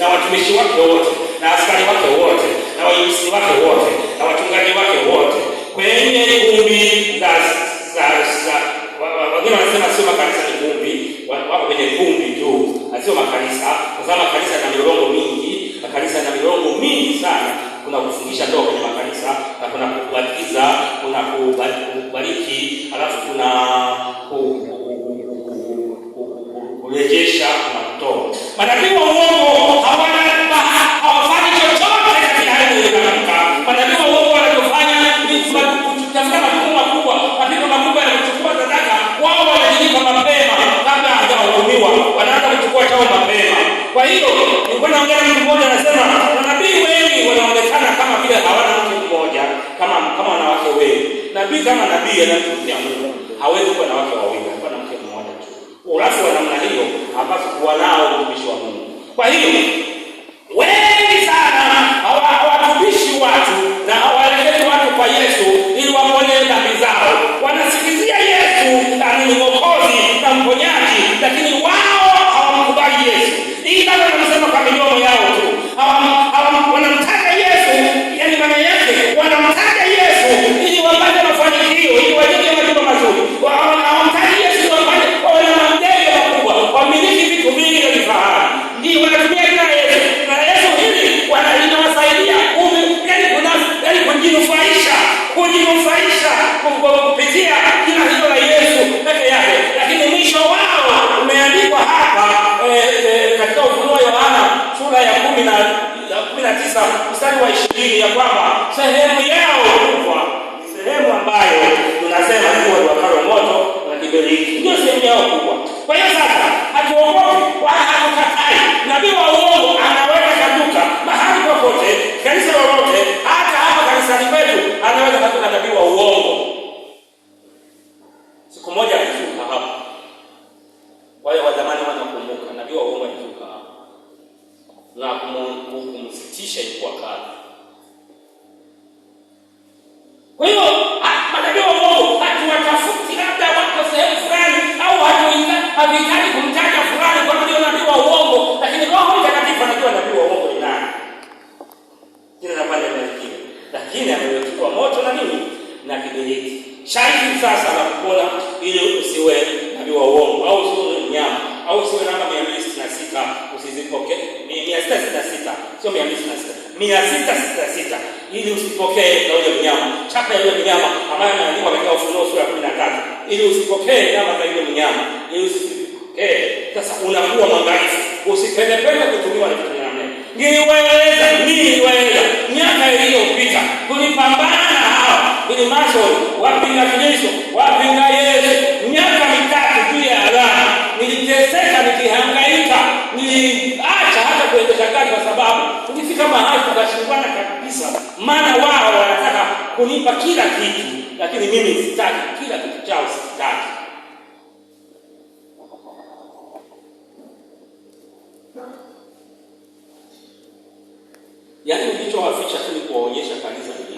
na watumishi wake wote na askari wake wote na waimsi wake wote na watungaji wake wote kwenye kumbi za za za wengine wanasema sio makanisa ni kumbi, wako kwenye kumbi tu, sio makanisa, kwa sababu makanisa yana milongo mingi. Makanisa yana milongo mingi sana. Kuna kufungisha ndoa kwenye makanisa na kuna kubatiza, kuna kubariki, alafu kuna kurejesha na kutoa binadamu ya Mungu hawezi kuwa na wake wawili, mwanamke mmoja tu. Urafu wa namna hiyo hapaswi kuwa nao mtumishi wa Mungu. Kwa hiyo kumi na tisa mstari wa ishirini ya kwamba sehemu yao kubwa, sehemu ambayo tunasema kuwa ni wakalo moto na kiberiki, ndio sehemu yao kubwa. Kwa hiyo sasa hatuogopi wala hatukatai. Nabii wa uongo anaweza kaduka mahali popote, kanisa lolote, hata hapa kanisani kwetu anaweza kaduka nabii wa uongo. Siku moja alizuka hapa, wale wa zamani wanakumbuka, nabii wa uongo alizuka hapa na kusitisha ilikuwa kali. Kwa hiyo ah, manabii wa Mungu hatuwatafuti labda wako sehemu fulani au hatuhitaji kumtaja fulani kwa kuwa nabii wa uongo, lakini Roho Mtakatifu anajua nabii wa uongo ni nani, kila na pale anafikia, lakini amewekwa moto na nini na kibiriti. shahidi sasa la kukula ili usiwe nabii wa uongo au usiwe nyama au usiwe namba mia mbili sitini na sita usizipokee mia sita sitini na sita sio mia mbili sita mia sita sitini sita ili usipokee daudi ya mnyama, chapa ya yule mnyama ambayo imeandikwa katika Ufunuo sura ya kumi na tatu ili usipokee nyama za yule mnyama, ili usipokee. Sasa unakuwa mwangalifu, usipendepende kutumiwa na vitu namna. Niliwaeleza, niliwaeleza miaka iliyopita, kulipambana na hawa kwenye maso wapinga Kristo wapinga tutaacha hata kuendesha gari, kwa sababu tukifika mahali tutashindana kabisa, maana wao wanataka kunipa kila kitu, lakini mimi sitaki kila kitu chao, sitaki. Yaani nilichowaficha tu ni kuwaonyesha kanisa